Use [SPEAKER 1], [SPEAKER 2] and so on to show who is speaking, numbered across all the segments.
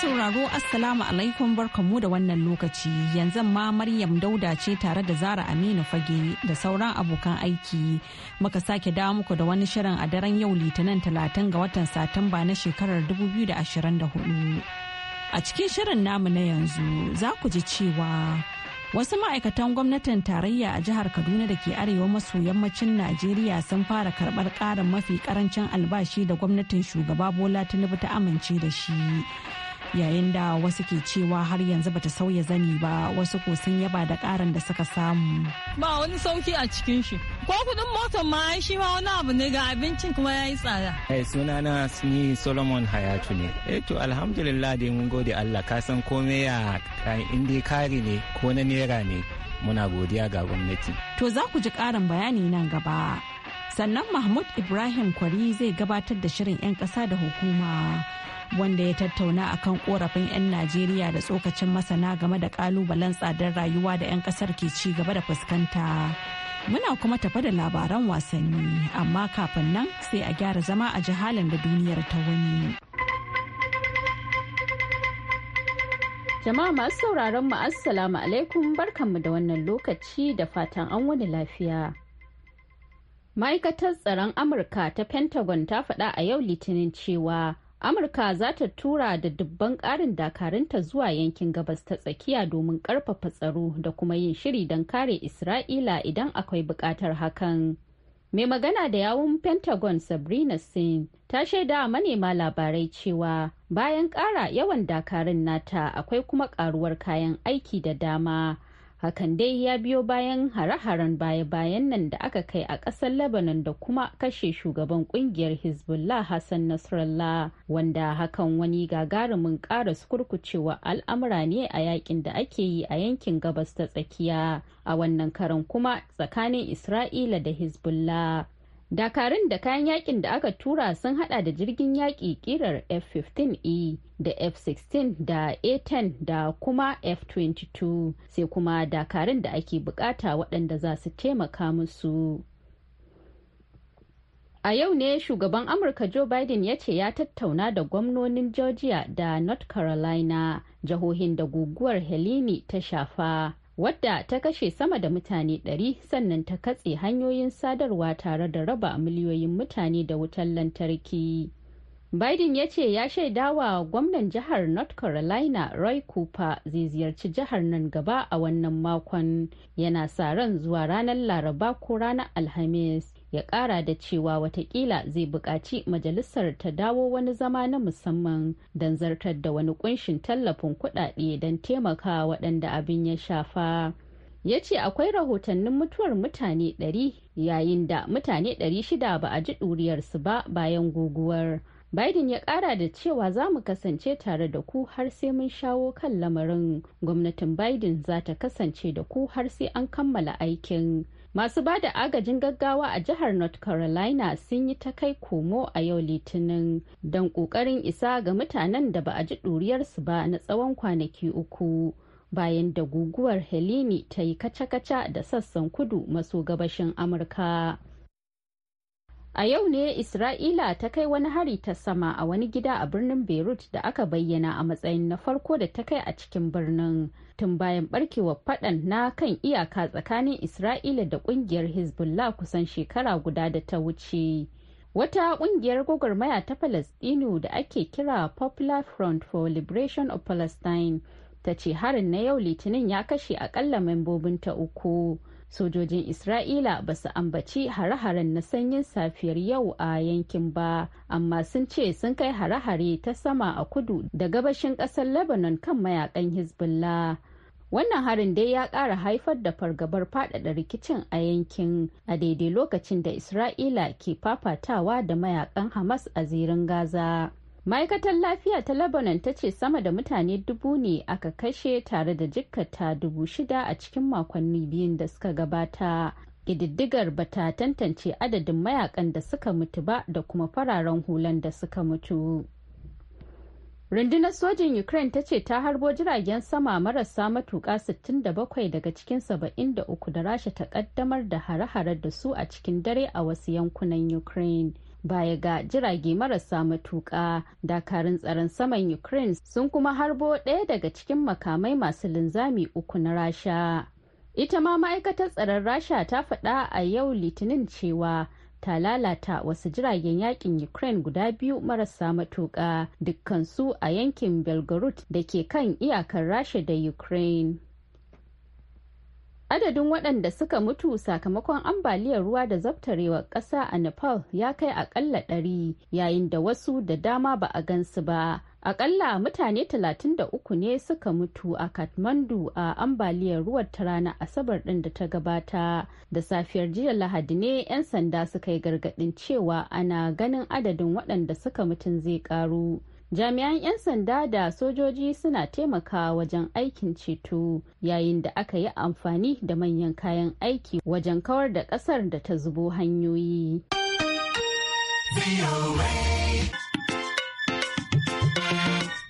[SPEAKER 1] sauraro Assalamu alaikum barkamu da wannan lokaci yanzu ma Maryam Dauda ce tare da Zara Aminu Fage da sauran abokan aiki muka sake dawo muku da wani shirin a daren yau Litinin Talatin ga watan Satumba na shekarar 2024. A cikin shirin namu na yanzu za ku ji cewa Wasu ma'aikatan gwamnatin tarayya a jihar Kaduna da ke arewa maso yammacin Najeriya sun fara karɓar ƙarin mafi ƙarancin albashi da gwamnatin shugaba Bola Tinubu ta amince da shi. yayin da wasu ke cewa har yanzu bata sauya zani ba wasu ko sun yaba da karan da suka samu ba wani sauki a cikin shi ko kudin motar ma shi ma wani abu ne ga abincin kuma yayi tsada
[SPEAKER 2] eh na ni Solomon Hayatu ne eh to alhamdulillah dai mun gode Allah ka san komai ya in dai kare ne ko na nera ne muna godiya ga gwamnati
[SPEAKER 1] to za ku ji karin bayani nan gaba sannan Mahmud Ibrahim Kwari zai gabatar da shirin 'yan ƙasa da hukuma wanda ya tattauna a kan korafin 'yan Najeriya da tsokacin masana game da kalubalen tsadar rayuwa da 'yan kasar ke ci gaba da fuskanta. Muna kuma tafa da labaran wasanni, amma kafin nan sai a gyara zama a jihalin da duniyar ta wani. Jama'a masu sauraron mu
[SPEAKER 3] assalamu alaikum barkanmu da wannan lokaci da fatan an wani lafiya. Ma'aikatar tsaron Amurka ta Pentagon ta faɗa a yau Litinin cewa amurka za ta tura da dubban ƙarin dakarunta zuwa yankin gabas ta tsakiya domin ƙarfafa tsaro da kuma yin shiri don kare isra'ila idan akwai buƙatar hakan mai magana da yawun pentagon sabrina singh ta shaida manema labarai cewa bayan ƙara yawan dakarun nata akwai kuma ƙaruwar kayan aiki da dama hakan dai ya biyo bayan hare-haren baya-bayan nan da aka kai a ƙasar lebanon da kuma kashe shugaban ƙungiyar hezbollah hassan nasrallah wanda hakan wani gagarumin ƙara kurkucewa al'amura ne a yakin da ake yi a yankin gabas ta tsakiya a wannan karan kuma tsakanin isra'ila da hezbollah dakarun da kayan yakin da aka tura sun hada da jirgin yaƙi ƙirar f-15e da f-16 da a-10 da kuma f-22 sai kuma dakarun da ake bukata waɗanda za su taimaka musu a yau ne shugaban amurka joe biden ya ce ya tattauna da gwamnonin georgia da north carolina jahohin da guguwar helene ta shafa wadda ta kashe sama da mutane 100 sannan ta katse hanyoyin sadarwa tare da raba miliyoyin mutane da wutar lantarki. Biden ya ce ya shaidawa gwamnan jihar North Carolina Roy Cooper zai ziyarci jihar nan gaba a wannan makon yana sa ran zuwa ranar Laraba ko ranar Alhamis ya kara da cewa watakila zai buƙaci majalisar ta dawo wani zama na musamman don zartar da wani kunshin tallafin kuɗaɗe don taimaka waɗanda abin ya shafa ya ce akwai rahotannin mutuwar mutane 100 yayin da mutane 600 ba a ji ɗuriyarsu ba bayan guguwar Biden ya kara da cewa za mu kasance tare da ku har sai mun shawo kan lamarin. Gwamnatin Biden za ta kasance da ku har sai an kammala aikin. Masu ba da agajin gaggawa a jihar North Carolina sun yi ta kai komo a yau litinin don ƙoƙarin isa ga mutanen da ba a ji ɗuriyarsu ba na tsawon kwanaki uku. Bayan da guguwar Helene ta yi kaca-kaca da sassan kudu maso gabashin Amurka. A yau ne Isra'ila ta kai wani hari ta sama a wani gida a birnin Beirut da aka bayyana a matsayin na farko da ta kai a cikin birnin. tun bayan barkewar fadan na kan iyaka tsakanin isra'ila da kungiyar hezbollah kusan shekara guda da ta wuce wata ƙungiyar gwagwarmaya ta palestinu da ake kira popular front for liberation of palestine ta ce harin na yau litinin ya kashe akalla ta uku sojojin isra'ila ba su ambaci hare-haren na sanyin safiyar yau a yankin ba amma sun ce sun kai hare-hare ta sama a kudu da gabashin ƙasar lebanon kan mayakan hezbollah wannan harin dai ya ƙara haifar da fargabar faɗaɗa rikicin a yankin a daidai lokacin da isra'ila ke fafatawa da mayakan hamas a zirin gaza ma'aikatar lafiya ta lebanon ta ce sama da mutane dubu ne aka kashe tare da jikkata dubu shida a cikin makonni biyun da suka gabata ƙididdigar ba ta tantance adadin mayakan da suka mutu ba da kuma fararen hulan da suka mutu rundunar sojin ukraine ta ce ta harbo jiragen sama marasa matuka 67 daga cikin 73 da rasha ta kaddamar da hare-hare da su a cikin dare a wasu yankunan ukraine baya ga jirage marasa matuƙa dakarun tsaron saman ukraine sun kuma harbo ɗaya daga cikin makamai masu linzami uku na rasha ita ma ma'aikatar tsaron rasha ta faɗa a yau litinin cewa ta lalata wasu jiragen yakin Ukraine guda biyu marasa matuƙa dukkansu a yankin Belgorod da ke kan iyakar Rasha da Ukraine. Adadin waɗanda suka mutu sakamakon ambaliyar ruwa da zabtarewar ƙasa a Nepal ya kai aƙalla ɗari yayin da wasu da dama ba a gansu ba Akalla mutane 33 ne suka mutu a Kathmandu a ambaliyar ruwan ta rana Asabar ɗin da ta gabata. Da safiyar jiya Lahadi ne 'yan sanda suka yi gargaɗin cewa ana ganin adadin waɗanda suka mutun zai ƙaru. Jami'an 'yan sanda da sojoji suna taimakawa wajen aikin ceto yayin da aka yi amfani da manyan kayan aiki wajen kawar da ƙasar da ta zubo hanyoyi.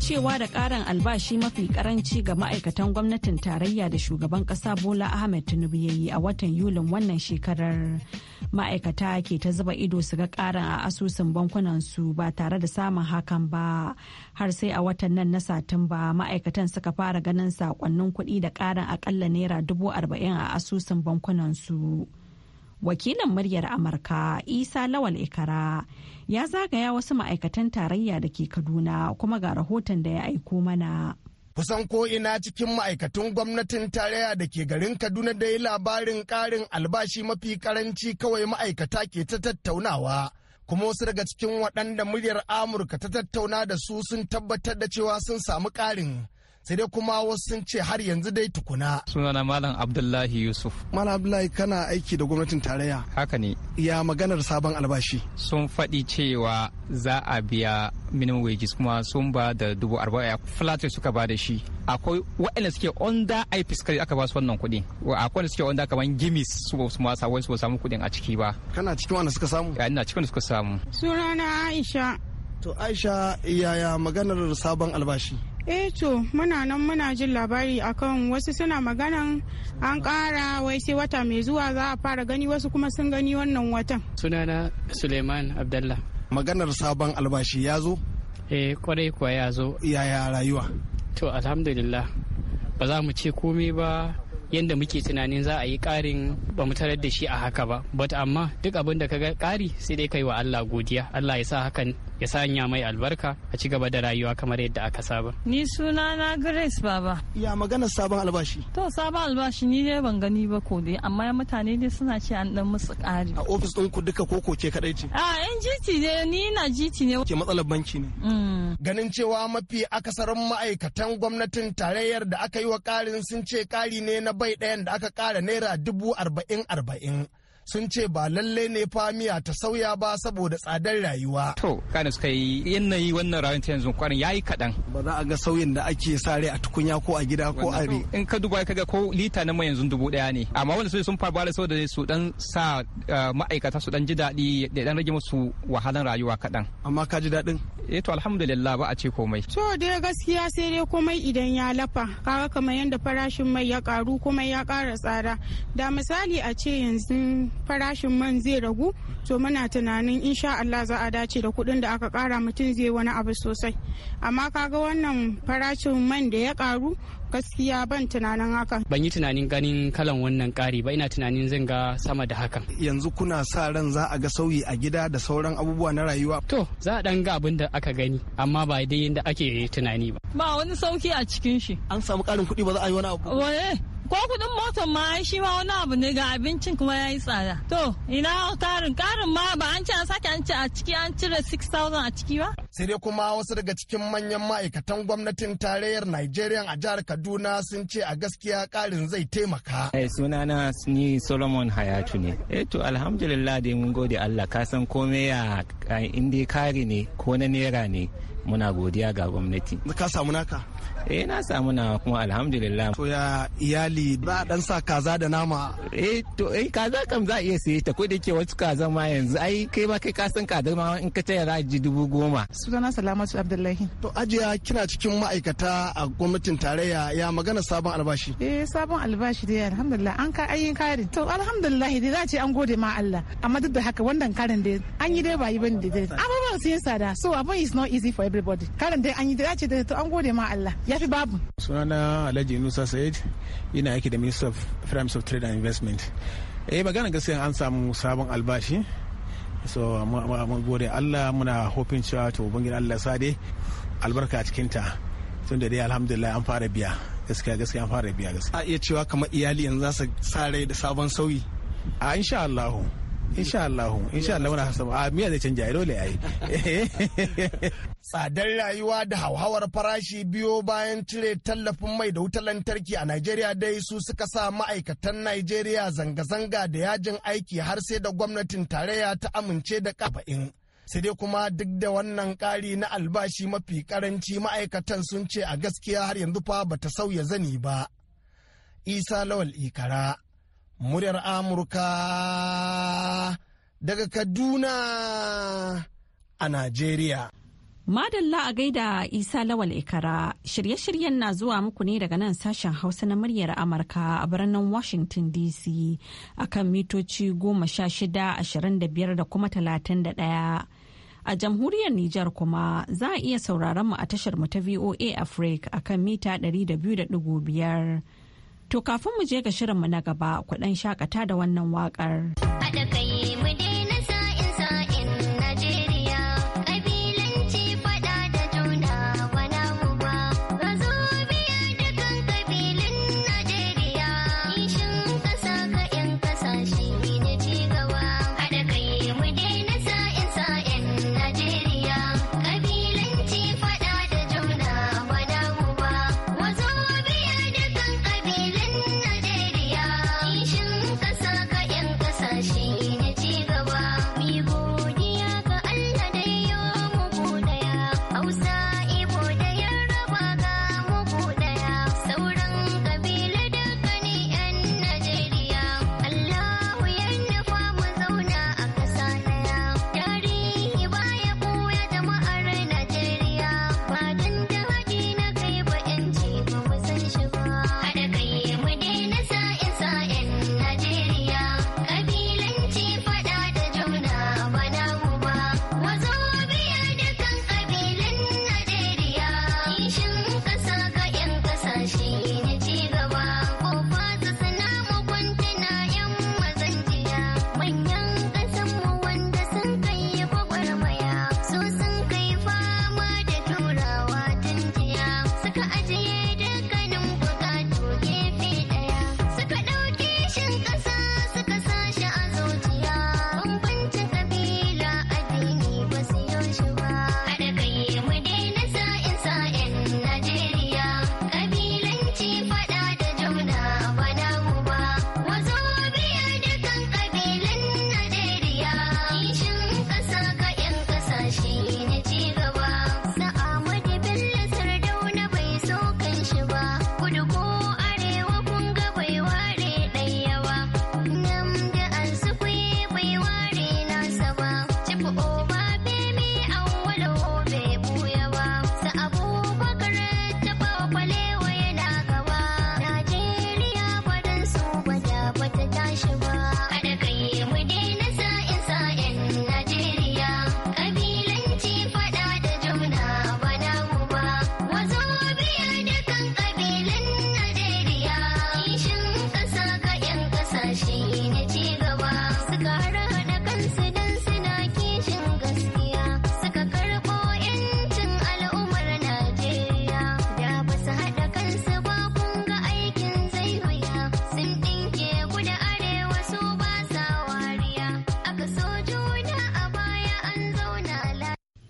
[SPEAKER 1] cewa da karin albashi mafi karanci ga ma'aikatan gwamnatin tarayya da shugaban kasa bola ahmed tinubu ya yi a watan yulin wannan shekarar ma'aikata ke ta zuba ido su ga karin a asusun bankunansu ba tare da samun hakan ba har sai a watan nan na satumba ma'aikatan suka fara ganin sakonnin kuɗi da karin akalla naira dubu arba'in a asusun bankunansu wakilin muryar amurka isa lawal ikara ya zagaya wasu ma'aikatan tarayya da ke Kaduna kuma ga rahoton da ya aiko mana. kusan
[SPEAKER 4] ko ina cikin ma'aikatan gwamnatin tarayya da ke garin kaduna da yi labarin karin albashi mafi karanci kawai ma'aikata ke ta tattaunawa kuma wasu daga cikin waɗanda muryar amurka ta tattauna da su sun tabbatar da cewa sun samu ƙarin sai dai kuma wasu sun ce har yanzu dai tukuna. Sunana Malam Abdullahi Yusuf. Malam Abdullahi kana aiki da gwamnatin tarayya. Haka ne. Ya maganar sabon albashi.
[SPEAKER 2] Sun faɗi cewa za a biya minimum wages kuma sun ba da dubu arba'in flat suka ba da shi. Akwai waɗanda suke onda ai fiskari aka ba su wannan kuɗi. Akwai da suke onda kamar gimis su ba su ma samu kuɗin a ciki ba. Kana cikin wanda suka samu? Ya ina cikin wanda suka samu. Sunana
[SPEAKER 4] Aisha. To Aisha yaya maganar sabon albashi?
[SPEAKER 2] eh to muna nan muna jin labari akan wasu suna maganan an kara wai sai wata mai zuwa za a fara gani wasu kuma sun gani wannan watan sunana suleiman abdallah maganar sabon albashi ya zo eh kwarai kuwa ya zo yaya rayuwa to alhamdulillah ba za mu ce komai ba yadda muke tunanin za a yi ƙarin ba mu tarar da shi a haka ba but amma duk abin da ka ga kari sai dai kai wa Allah godiya Allah ya sa hakan ya sanya mai albarka a ci gaba da rayuwa kamar yadda aka saba. Ni suna na Grace
[SPEAKER 1] Baba. Ya
[SPEAKER 4] magana sabon albashi.
[SPEAKER 1] To sabon albashi ni ne ban gani ba ko dai amma mutane dai suna ce an dan musu ƙari. A
[SPEAKER 4] ofis ɗin ku duka koko ce kaɗai ce.
[SPEAKER 1] A yan GT ne ni na
[SPEAKER 4] GT ne. Ke matsalar banki ne. Mm. Ganin cewa mafi akasarin ma'aikatan gwamnatin tarayyar da aka yi wa ƙarin sun ce ƙari ne na bai ɗayan da aka ƙara naira dubu arba'in arba'in. sun ce ba lallai ne fa miya ta sauya ba saboda tsadar rayuwa. To,
[SPEAKER 2] kana suka yi yanayi wannan rayuwa ta yanzu kwarin yayi kaɗan. Ba za a ga sauyin da ake sare a tukunya
[SPEAKER 4] ko a gida ko a re.
[SPEAKER 2] In ka duba ka ga ko lita na mai yanzu dubu ɗaya ne. Amma wanda sun fa bara saboda su dan sa eh, ma'aikata su dan ji daɗi da dan rage musu wahalan rayuwa kaɗan. Amma ka ji daɗin? Eh to alhamdulillah ba a ce komai. To dai gaskiya sai dai komai idan ya lafa. Kaga kamar yadda farashin mai ya ƙaru kuma ya ƙara tsada. Da misali a ce yanzu farashin man zai ragu to muna tunanin insha Allah za a dace da kuɗin da aka ƙara mutum zai wani abu sosai amma kaga wannan farashin man da ya ƙaru gaskiya ban tunanin haka ban yi tunanin ganin kalan wannan ƙari ba ina tunanin zan ga
[SPEAKER 4] sama da hakan yanzu kuna sa ran za a ga sauyi a gida da sauran abubuwa na rayuwa to za
[SPEAKER 2] a dan ga abin da aka gani amma ba dai yadda ake tunani ba ba wani sauki a cikin shi
[SPEAKER 4] an samu ƙarin kuɗi ba za a yi wani abu
[SPEAKER 1] ko kuɗin motar ma shi ma wani abu ne ga abincin kuma ya yi tsada to ina karin karin ma ba an ce an sake an ce a ciki an cire 6000 a ciki ba
[SPEAKER 4] sai dai kuma wasu daga cikin manyan ma'aikatan gwamnatin tarayyar Najeriya a jihar Kaduna sun ce a gaskiya karin zai taimaka.
[SPEAKER 2] Eh sunana ni Solomon
[SPEAKER 5] Hayatu ne.
[SPEAKER 2] Eh to alhamdulillah dai mun gode Allah ka san komai ya inda kari ne ko na nera ne muna godiya ga gwamnati ka samu naka eh na samu na kuma alhamdulillah to ya iyali
[SPEAKER 4] Ba a dan sa kaza da nama eh to eh kaza kam za a iya saye ta ko da ke wasu kaza ma yanzu ai kai ma kai ka san kaza ma in ka taya za a ji dubu goma sunana salamatu abdullahi to ajiya kina cikin ma'aikata a gwamnatin tarayya ya magana sabon albashi
[SPEAKER 2] eh sabon albashi dai alhamdulillah an ka ayin kari to alhamdulillah dai za ce an gode ma Allah amma duk da haka wannan karin dai an yi dai ba yi bane dai abubuwan sun yi tsada so abun is not easy for everybody karan dai an yi dace da to an gode ma Allah ya fi babu
[SPEAKER 4] sunana Alhaji Musa Said ina aiki da Minister of Finance of Trade and Investment eh magana gaskiya an samu sabon albashi so mu gode Allah muna hopin cewa to ubangiji Allah sa dai albarka a cikin ta tunda dai alhamdulillah an fara biya gaskiya gaskiya an fara biya gaskiya a iya cewa kamar iyali yanzu za su sa rai da sabon sauyi a ah, insha Allah insha Allah muna hasaba a miya zai canja dole yi tsadar rayuwa da hauhawar farashi biyo bayan cire tallafin mai da wutar lantarki a Najeriya dai su suka sa ma'aikatan Najeriya zanga-zanga da yajin aiki har sai da gwamnatin tarayya ta amince da kafa'in sai dai kuma duk da wannan ƙari na albashi mafi karanci ma'aikatan sun ce a gaskiya har yanzu fa bata sauya zani ba isa lawal ikara muryar Amurka daga Kaduna a Najeriya.
[SPEAKER 1] Madalla a gaida Isa Lawal Ikara shirye-shiryen na zuwa muku ne daga nan sashen Hausa na muryar Amurka a birnin Washington DC akan mitoci goma sha shida ashirin da biyar da kuma talatin da ɗaya. A jamhuriyar Nijar kuma za a iya sauraron mu a tashar mu ta VOA Africa akan mita ɗari To kafin mu je ga shirinmu na gaba kuɗan shakata da wannan
[SPEAKER 6] waƙar. Haɗa kai mu na sa'in sa'in na je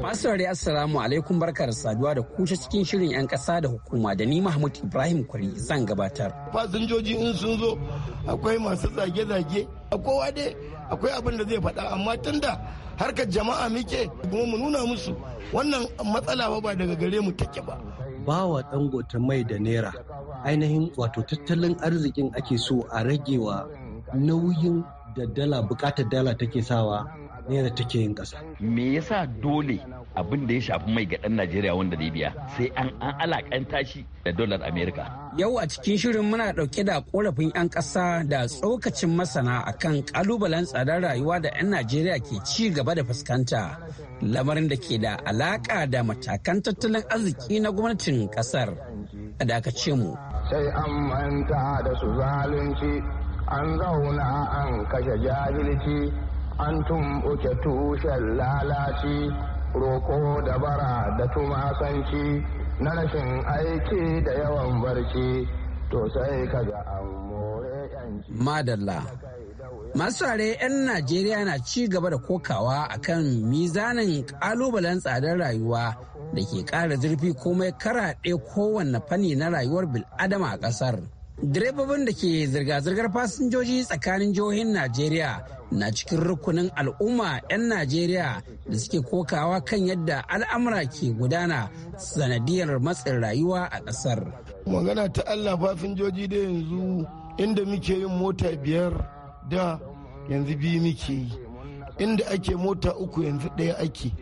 [SPEAKER 2] Masarai Assalamu alaikum barkar saduwa da kusa cikin shirin 'yan ƙasa da hukuma da ni Mahmud Ibrahim Kwari zan gabatar.
[SPEAKER 7] Fasinjoji in sun zo
[SPEAKER 8] akwai masu zage-zage a kowa dai akwai abin da zai faɗa amma tunda
[SPEAKER 5] harkar jama'a muke kuma mu nuna musu wannan matsala ba daga gare mu take ba. Bawa dangota mai da naira ainihin wato tattalin arzikin ake so a ragewa nauyin da dala bukatar dala take sawa da
[SPEAKER 9] take yin ƙasa. Me yasa dole abin da ya shafi mai ga ɗan Najeriya wanda zai biya sai an an alakanta shi da dolar Amerika.
[SPEAKER 2] Yau a cikin shirin muna ɗauke da ƙorafin 'yan ƙasa da tsokacin masana a kan ƙalubalen tsadar rayuwa da 'yan Najeriya ke ci gaba da fuskanta. Lamarin da ke da alaƙa da matakan tattalin arziki na gwamnatin ƙasar. A dakace mu.
[SPEAKER 7] Sai an manta da su zalunci, an zauna an kashe jahilci, an tumɓuke tushen lalaci roƙo da bara da tumasanci na rashin aiki da yawan barci to sai ka ga an
[SPEAKER 2] more madalla masu sare 'yan najeriya na ci gaba da kokawa akan mizanin ƙalubalen tsadar rayuwa da ke ƙara zurfi komai karaɗe kowanne fanni na rayuwar bil'adama a ƙasar direbobin da ke zirga-zirgar fasinjoji tsakanin jihohin najeriya na cikin rukunin al'umma 'yan najeriya da suke kokawa kan yadda al'amura ke gudana sanadiyar matsin rayuwa a ƙasar
[SPEAKER 8] magana ta allah fasinjoji da yanzu inda muke yin mota biyar da yanzu biyu muke yi inda ake mota uku yanzu ɗaya ake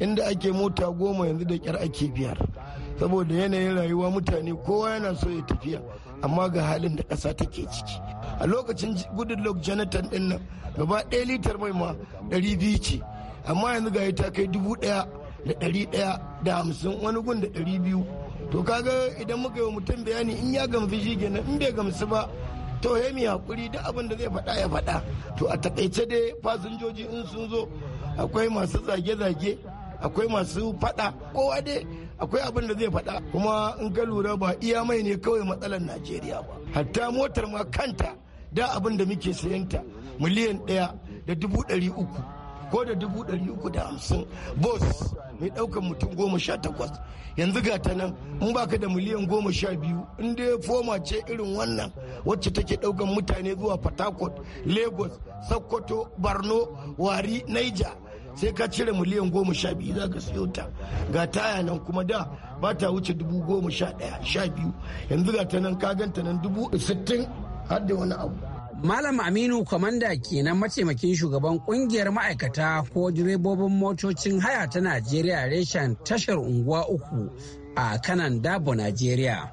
[SPEAKER 8] inda ake mota goma yanzu da kyar ake biyar saboda yanayin rayuwa mutane kowa yana so ya tafiya amma ga halin da ƙasa take ciki a lokacin goodluck jonathan din nan gaba ɗaya litar mai ma ɗari biyu ce amma yanzu ga ta kai dubu ɗaya da ɗari ɗaya da hamsin wani gun da ɗari biyu to kaga idan muka yi wa mutum bayani in ya gamsu shi kenan in bai gamsu ba to ya mi hakuri da abin da zai faɗa ya faɗa to a takaice dai fasinjoji in sun zo akwai masu zage-zage akwai masu faɗa kowa dai akwai abin da zai faɗa kuma in ka lura ba iya mai ne kawai matsalar najeriya ba hatta motar ma kanta da abin da muke sayanta miliyan ɗaya da dubu ɗari uku ko da dubu ɗari uku da hamsin bos mai ɗaukar mutum goma sha takwas yanzu ga ta nan in baka da miliyan goma sha biyu in dai foma ce irin wannan wacce take ɗaukar mutane zuwa fatakot lagos sokoto barno wari niger sai ka cire miliyan goma sha biyu za ka siyo ta ga taya nan kuma da ba ta wuce
[SPEAKER 2] dubu goma sha ɗaya sha biyu yanzu ga ta nan ka ganta nan dubu sittin har da wani abu Malam Aminu Kwamanda kenan mataimakin shugaban kungiyar ma'aikata ko direbobin motocin haya ta Najeriya reshen tashar unguwa uku a kanan dabo Najeriya.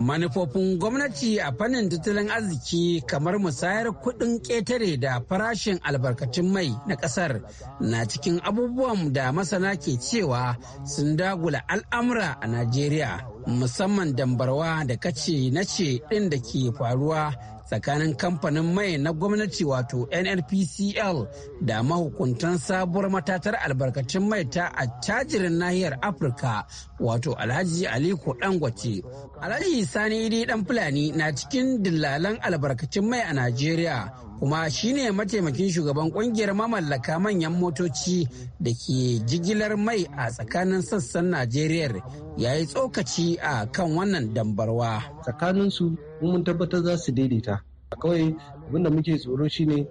[SPEAKER 2] Manufofin gwamnati a fannin tattalin arziki kamar musayar kuɗin ƙetare da farashin albarkatun mai na ƙasar na cikin abubuwan da masana ke cewa sun dagula al'amura a Najeriya. musamman dambarwa da kace na ce ɗin da ke faruwa tsakanin kamfanin mai na gwamnati wato nnpcl da mahukuntan sabuwar matatar albarkacin mai ta a tajirin nahiyar afirka wato alhaji aliko dangote alhaji sani idi dan fulani na cikin dillalan albarkacin mai a Nigeria kuma shine mataimakin shugaban kungiyar mamallaka manyan motoci da ke jigilar mai a tsakanin sassan najeriya ya yi tsokaci
[SPEAKER 5] a kan wannan dambarwa tsakanin tsakaninsu mun tabbatar za su daidaita kawai abinda muke tsoro shine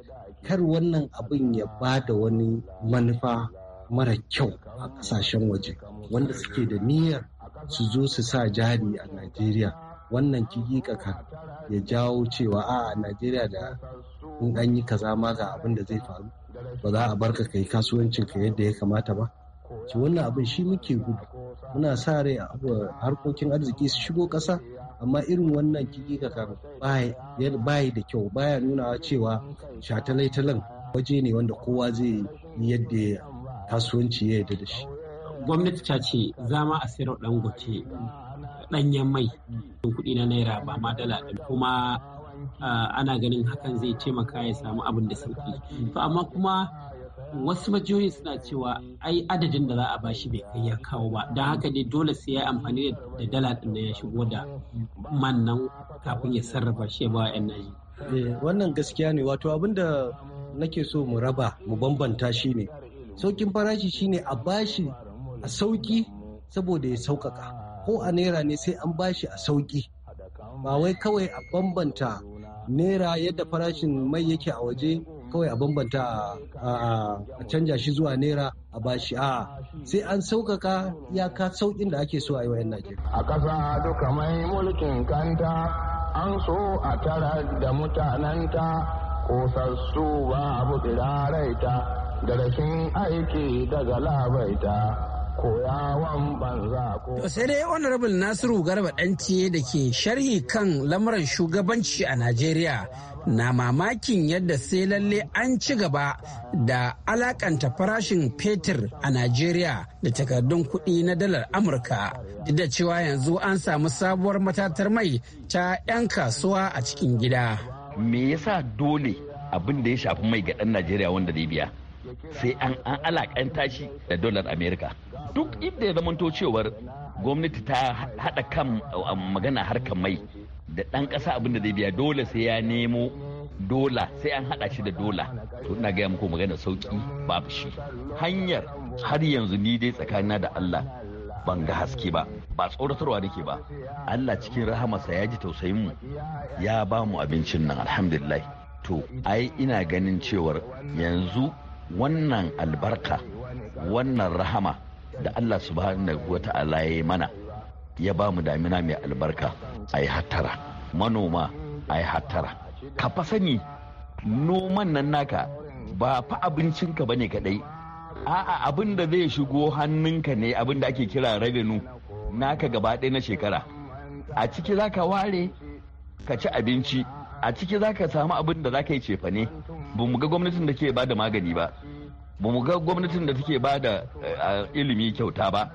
[SPEAKER 5] kar wannan abin ya ba da wani manufa mara kyau a kasashen waje wanda suke da niyyar su zo su sa jari a najeriya wannan kikikaka ya jawo cewa a najeriya da in an yi kaza ma ga abin da zai faru ba za a barka kai kasuwancin ka yadda ya kamata ba ki wannan abin shi muke gudu muna sa rai a harkokin arziki su shigo kasa. amma irin wannan kan bayi da kyau baya nunawa cewa shatalaitalan waje ne wanda kowa zai yi yadda ya kasuwanci ya yadda da shi gwamnati ta ce za zama
[SPEAKER 2] a sayar dangote danyen mai kuɗi na naira ba ma dala kuma ah, ana ganin hakan zai taimaka ya samu abin da sauki to amma kuma wasu majiyoyi suna cewa ai adadin da za a bashi bai kai ya kawo ba don haka ne dole sai ya amfani da dala din ya shigo da man nan kafin ya sarrafa shi ba yan naji
[SPEAKER 5] eh, wannan gaskiya ne wato abin da nake so mu raba mu bambanta shi ne saukin farashi shi ne a bashi a sauki saboda ya sauƙaƙa ko a naira ne sai an bashi a sauki ba wai kawai a bambanta naira yadda farashin mai yake a waje kawai a bambanta a canja shi zuwa naira a bashi a sai an sauƙaƙa iyaka sauƙin da ake so a yi wa 'yan Najeriya. A
[SPEAKER 7] ƙasa duka mai mulkin kanta an so a tara da mutanenta kosassu ba abu raita da rashin aiki daga labaita. To
[SPEAKER 2] sai dai honorable Nasiru Garba ɗanci da ke sharhi kan lamuran shugabanci a Najeriya na mamakin yadda sai lalle an ci gaba da alakanta farashin fetur a Najeriya da takardun kuɗi na dalar Amurka. Duk da cewa yanzu an samu sabuwar matatar mai ta 'yan kasuwa a cikin gida. Me
[SPEAKER 9] yasa dole abin da ya shafi mai ga ɗan Najeriya wanda zai biya? Sai an alakanta shi da dalar Amerika. Duk inda ya zamanto cewar gwamnati ta haɗa kan um, magana harkar mai da ɗan ƙasa abinda da zai biya dole sai ya nemo dola sai an haɗa shi da dola to ina gaya muku magana sauƙi babu shi hanyar har yanzu ni dai tsakanina da Allah ban ga haske ba ba tsoratarwa nake ba Allah cikin rahamarsa ya ji tausayin mu ya ba mu abincin nan alhamdulillah to ai ina ganin cewar yanzu wannan albarka wannan rahama da Allah subhanahu wa ta'ala ya yi mana ya ba mu damina mai albarka a yi hattara manoma a yi hattara ka fa sani noman nan naka ba fa abincin ka bane kadai a'a abin da zai shigo hannunka ne abin da ake kira rabinu naka gaba ɗaya na shekara a ciki za ka ware ka ci abinci a ciki za samu abin da za yi cefa cefane ba mu ga gwamnatin da ke ba magani ba ba mu ga gwamnatin da take ba da eh, ilimi kyauta ba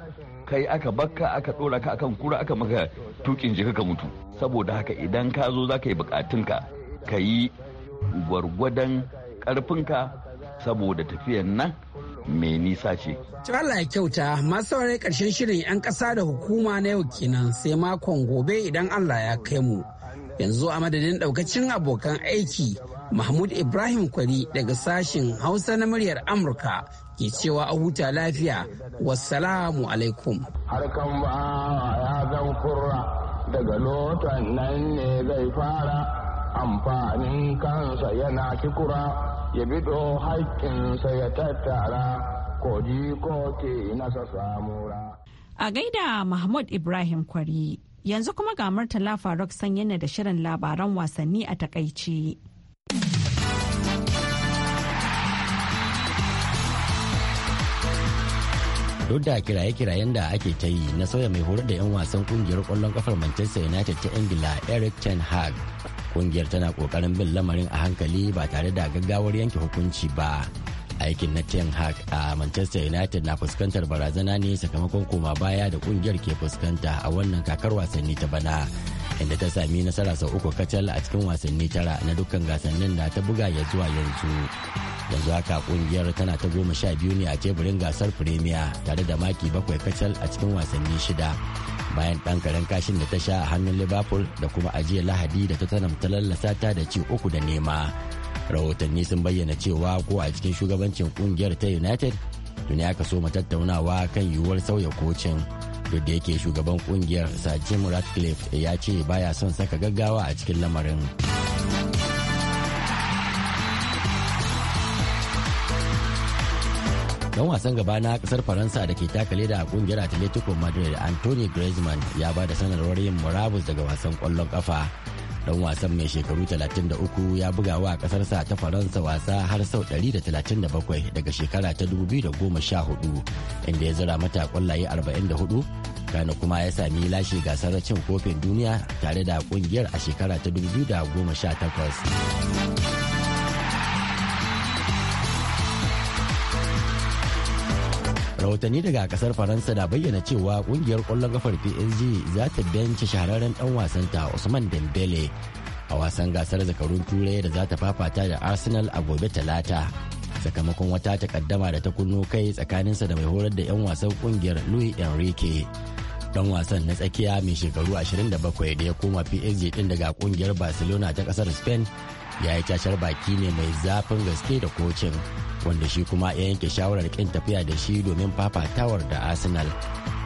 [SPEAKER 9] kai aka bakka aka ɗora ka akan kura aka maka tukin jika ka mutu saboda haka idan ka zo za ka yi bukatunka ka yi gwargwadon karfinka saboda tafiyan nan mai nisa ce.
[SPEAKER 2] Allah ya kyauta masu saurari karshen shirin 'yan ƙasa da hukuma na yau kenan sai makon gobe idan Allah ya kai mu. Yanzu a madadin daukacin abokan aiki Mahmud Ibrahim Kwari daga sashen Hausa na muryar Amurka ke cewa a huta lafiya wassalamu alaikum
[SPEAKER 7] harkan ba ya zan kurra daga lotan nan ne zai fara amfanin kansa yana kikura ya bido haƙƙinsa ya tattara ko ko ke nasa samura
[SPEAKER 1] a gaida mahmud ibrahim kwari yanzu kuma ga murtala faruk na da shirin labaran wasanni a takaici.
[SPEAKER 10] duk da kiraye-kirayen da ake ta yi na sauya mai horar da 'yan wasan kungiyar kwallon kafar manchester united ta ingila eric ten hag kungiyar tana kokarin bin lamarin a hankali ba tare da gaggawar yanke hukunci ba aikin na ten hag a manchester united na fuskantar barazana ne sakamakon koma baya da kungiyar ke fuskanta a wannan kakar wasanni ta bana inda ta sami nasara sau uku kacal a cikin wasanni tara na dukkan gasannin da ta buga ya zuwa yanzu yanzu haka kungiyar tana ta goma sha biyu ne a teburin gasar firemiya tare da maki bakwai kacal a cikin wasanni shida bayan ɗan karen kashin da ta sha a hannun liverpool da kuma ajiyar lahadi da ta ta lallasa ta da ci uku da nema rahotanni sun bayyana cewa ko a cikin shugabancin kungiyar ta united tuni aka so tattaunawa kan yiwuwar sauya kocin duk da yake shugaban kungiyar sir jim ratcliffe ya ce baya son saka gaggawa a cikin lamarin. dan wasan gaba na kasar faransa da ke takale da kungiyar atletico madrid anthony griezmann ya ba da sanarwar yin murabus daga wasan kwallon kafa dan wasan mai shekaru 33 ya buga wa kasarsa ta faransa wasa har sau 137 daga shekara ta 2014 inda ya zira mata kwallaye 44 kana kuma ya sami lashe gasar cin kofin duniya tare da kungiyar a shekara ta 2018 rahotanni daga kasar faransa na bayyana cewa kungiyar kwallon kafar psg za ta benci shahararren dan ta usman dembele a wasan gasar zakarun turai da za ta fafata da arsenal a gobe talata sakamakon wata takaddama da ta kunno kai tsakaninsa da mai horar da 'yan wasan kungiyar louis enrique dan wasan na tsakiya mai shekaru 27 da ya koma psg din daga kungiyar barcelona ta kasar spain ya yi cashar baki ne mai zafin gaske da kocin wanda shi kuma ya yanke shawarar kin tafiya da shi domin fafatawar da arsenal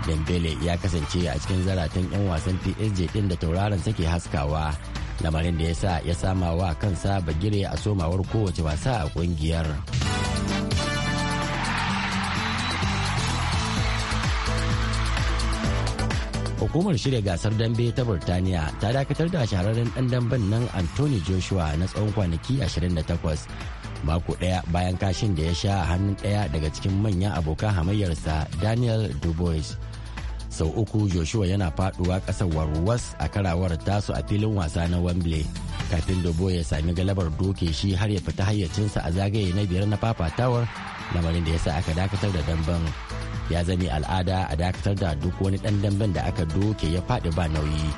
[SPEAKER 10] dembele ya kasance a cikin zaratan 'yan wasan psg din da tauraron sake haskawa lamarin da ya sa ya sama wa kansa bagire a somawar kowace wasa a kungiyar hukumar shirya gasar dambe ta burtaniya ta dakatar da shahararren dan damben nan anthony joshua na tsawon kwanaki 28 mako ɗaya bayan kashin da ya sha a hannun ɗaya daga cikin manyan abokan hamayyarsa daniel dubois sau uku joshua yana faduwa ƙasar warwas a karawar tasu a filin wasa na wembley kafin dubo ya sami galabar doke shi har ya fita hayyacinsa a zagaye na biyar na fafatawar lamarin da ya sa aka dakatar da damben ya zame al'ada a dakatar da duk wani dan damben da aka doke ya faɗi ba nauyi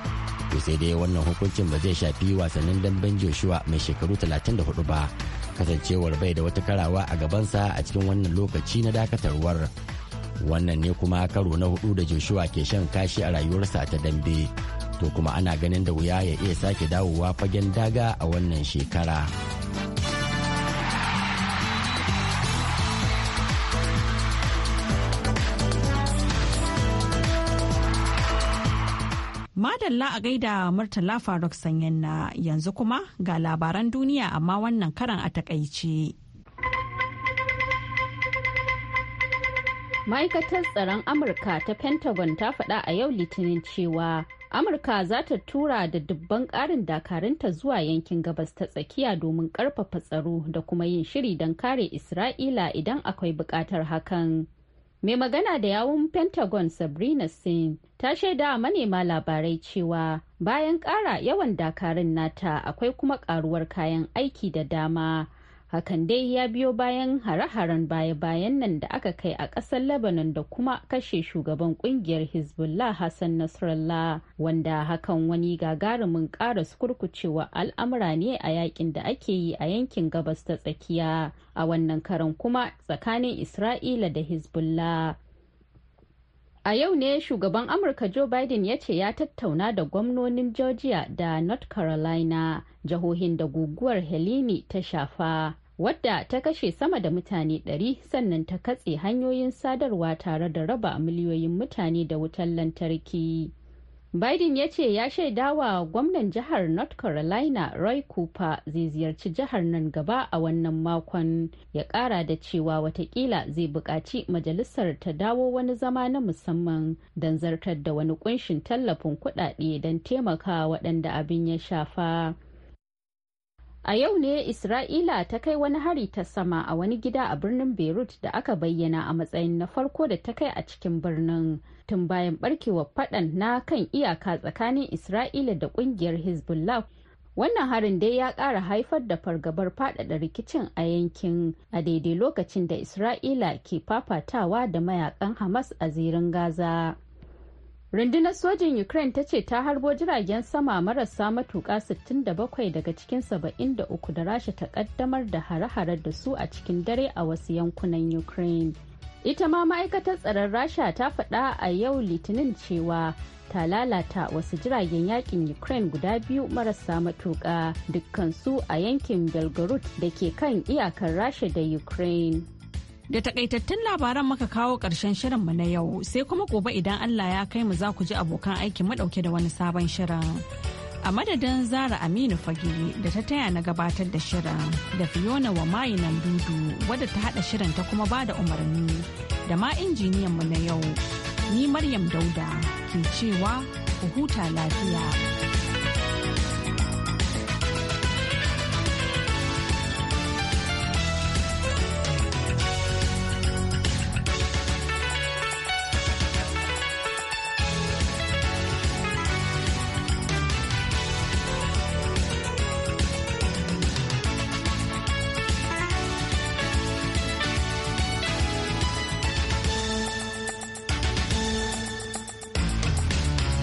[SPEAKER 10] to sai dai wannan hukuncin ba zai shafi wasannin damben joshua mai shekaru 34 ba kasancewar bai da wata karawa a gabansa a cikin wannan lokaci na dakatarwar wannan ne kuma karo na hudu da joshua ke shan kashi a rayuwarsa ta dambe to kuma ana ganin da wuya ya iya sake dawowa fagen daga a wannan shekara.
[SPEAKER 1] Madalla a gaida Murtala Faruk Sanyanna yanzu kuma ga labaran duniya amma wannan karan a takaice.
[SPEAKER 3] Ma'aikatar tsaron Amurka ta Pentagon ta faɗa a yau Litinin cewa Amurka za ta tura da dubban ƙarin dakarunta zuwa yankin gabas ta tsakiya domin ƙarfafa tsaro da kuma yin shiri don kare Isra'ila idan akwai buƙatar hakan. mai magana da yawun pentagon sabrina singh ta shaida manema labarai cewa bayan ƙara yawan dakarun nata akwai kuma ƙaruwar kayan aiki da dama hakan dai ya biyo bayan hare-haren baya-bayan nan da aka kai a ƙasar lebanon da kuma kashe shugaban ƙungiyar hezbollah hassan nasrallah wanda hakan wani gagarumin ƙara kurkucewa al'amura ne a yakin da ake yi a yankin gabas ta tsakiya a wannan karan kuma tsakanin isra'ila da hezbollah A yau ne shugaban Amurka Joe Biden ya ce ya tattauna da gwamnonin Georgia da North Carolina, jahohin da guguwar Helene ta shafa, wadda ta kashe sama da mutane 100 sannan ta katse hanyoyin sadarwa tare da raba miliyoyin mutane da wutar lantarki. Biden ya ce ya shaidawa gwamnan jihar North Carolina Roy Cooper zai ziyarci jihar nan gaba a wannan makon ya kara da cewa watakila zai buƙaci majalisar ta dawo wani zama na musamman don zartar da wani kunshin tallafin kuɗaɗe don taimaka waɗanda abin ya shafa. A yau ne Isra'ila ta kai wani hari ta sama a wani gida a birnin Beirut da aka bayyana a matsayin na farko da ta kai a cikin birnin tun bayan barkewar faɗan na kan iyaka tsakanin Isra'ila da ƙungiyar Hezbollah. Wannan harin dai ya ƙara haifar da fargabar faɗaɗa rikicin a yankin a daidai lokacin da Isra'ila ke fafatawa da mayakan Hamas a zirin Gaza. rundunar sojin ukraine ta ce ta harbo jiragen sama marasa matuƙa 67 daga cikin 73 da rasha ta kaddamar da hare-hare da su a cikin dare a wasu yankunan ukraine ita ma ma'aikatar tsaron rasha ta faɗa a yau litinin cewa ta lalata wasu jiragen yakin ukraine guda biyu marasa matuƙa dukkansu a yankin belgorod da ke kan iyakar rasha da ukraine
[SPEAKER 1] Da takaitattun labaran muka kawo ƙarshen shirinmu na yau sai kuma gobe idan Allah ya kai mu za ku ji abokan aikin mu ɗauke da wani sabon shirin. a madadin zara aminu fage da ta taya na gabatar da shirin da fiona wa mayi nan dudu wadda ta hada shirin ta kuma ba da umarni da ma injiniyan mu na yau ni maryam dauda ke cewa ku huta lafiya.